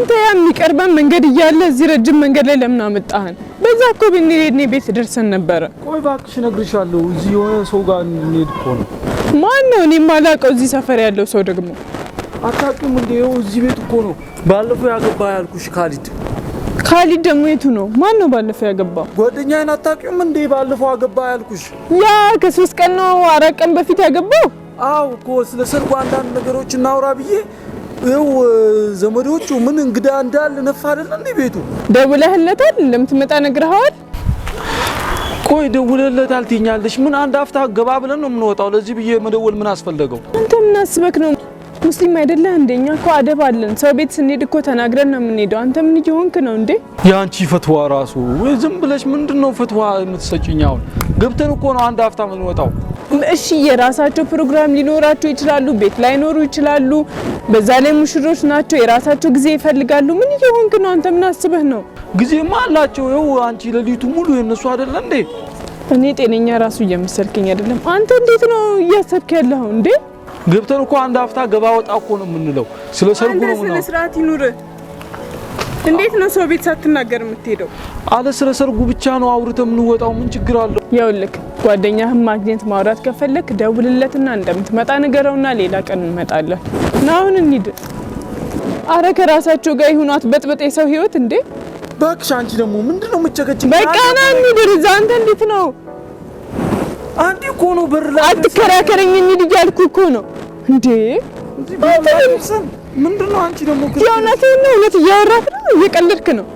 አንተ ያ የሚቀርበን መንገድ እያለ እዚህ ረጅም መንገድ ላይ ለምን አመጣህን? በዛ እኮ ብንሄድ እኔ ቤት ደርሰን ነበረ። ቆይ እባክሽ እነግርሻለሁ፣ እዚህ የሆነ ሰው ጋር እንሄድ እኮ ነው። ማን ነው? እኔ የማላውቀው እዚህ ሰፈር ያለው ሰው ደግሞ አታውቂውም እንዴ? ይኸው እዚህ ቤት እኮ ነው ባለፈው ያገባ ያልኩሽ ካሊድ። ካሊድ ደግሞ የቱ ነው? ማን ነው ባለፈው ያገባው? ጓደኛዬን አታውቂውም እንዴ? ባለፈው አገባ ያልኩሽ ያ ከሶስት ቀን ነው አራት ቀን በፊት ያገባው። አው እኮ ስለ ሰርጉ አንዳንድ ነገሮች እናውራ ብዬ ይኸው ዘመዶቹ ምን እንግዳ እንዳል ነፋ አይደለ እንዴ ቤቱ። ደውለህለታል? እንደምትመጣ ነግረኸዋል? ቆይ ደውለህለታል ትይኛለሽ? ምን አንድ አፍታ ገባ ብለን ነው የምንወጣው። ለዚህ ብዬ መደወል ምን አስፈለገው? አንተ ምን አስበክ ነው? ሙስሊም አይደለህ? እንደኛ እኮ አደብ አለን። ሰው ቤት ስንሄድ እኮ ተናግረን ነው የምንሄደው። አንተ ምን እየሆንክ ነው እንዴ? የአንቺ ፍትዋ ራሱ ዝም ብለሽ ምንድን ነው ፍትዋ የምትሰጭኝ? አሁን ገብተን እኮ ነው አንድ አፍታ የምንወጣው። እሺ የራሳቸው ፕሮግራም ሊኖራቸው ይችላሉ፣ ቤት ላይኖሩ ይችላሉ። በዛ ላይ ሙሽሮች ናቸው፣ የራሳቸው ጊዜ ይፈልጋሉ። ምን እየሆንክ ነው አንተ? ምን አስበህ ነው? ጊዜማ አላቸው። ይኸው አንቺ ሌሊቱ ሙሉ የነሱ አይደለ እንዴ? እኔ ጤነኛ ራሱ እየመሰልከኝ አይደለም። አንተ እንዴት ነው እያሰብክ ያለኸው እንዴ? ገብተን እኮ አንድ አፍታ ገባ ወጣ እኮ ነው የምንለው። ስለ ሰርጉ ነው ስነ ስርዓት ይኑር። እንዴት ነው ሰው ቤት ሳትናገር የምትሄደው? አለ ስለ ሰርጉ ብቻ ነው አውርተ የምንወጣው። ምን ችግር አለው? ያውልክ ጓደኛህን ማግኘት ማውራት ከፈለክ ደውልለትና እንደምትመጣ ንገረውና ሌላ ቀን እንመጣለን። ና አሁን እንሂድ። አረ ከራሳቸው ጋር ይሁኗት በጥብጥ የሰው ህይወት እንዴ! እባክሽ አንቺ ደግሞ ምንድነው የምትጨቀጭ? በቃ ና እንሂድ። እዛ አንተ እንዴት ነው? አንዲ እኮ ነው በር ላይ አትከራከረኝ። እንሂድ እያልኩ እኮ ነው እንዴ ነው አንቺ ደግሞ እውነት እያወራት ነው? እየቀለድክ ነው?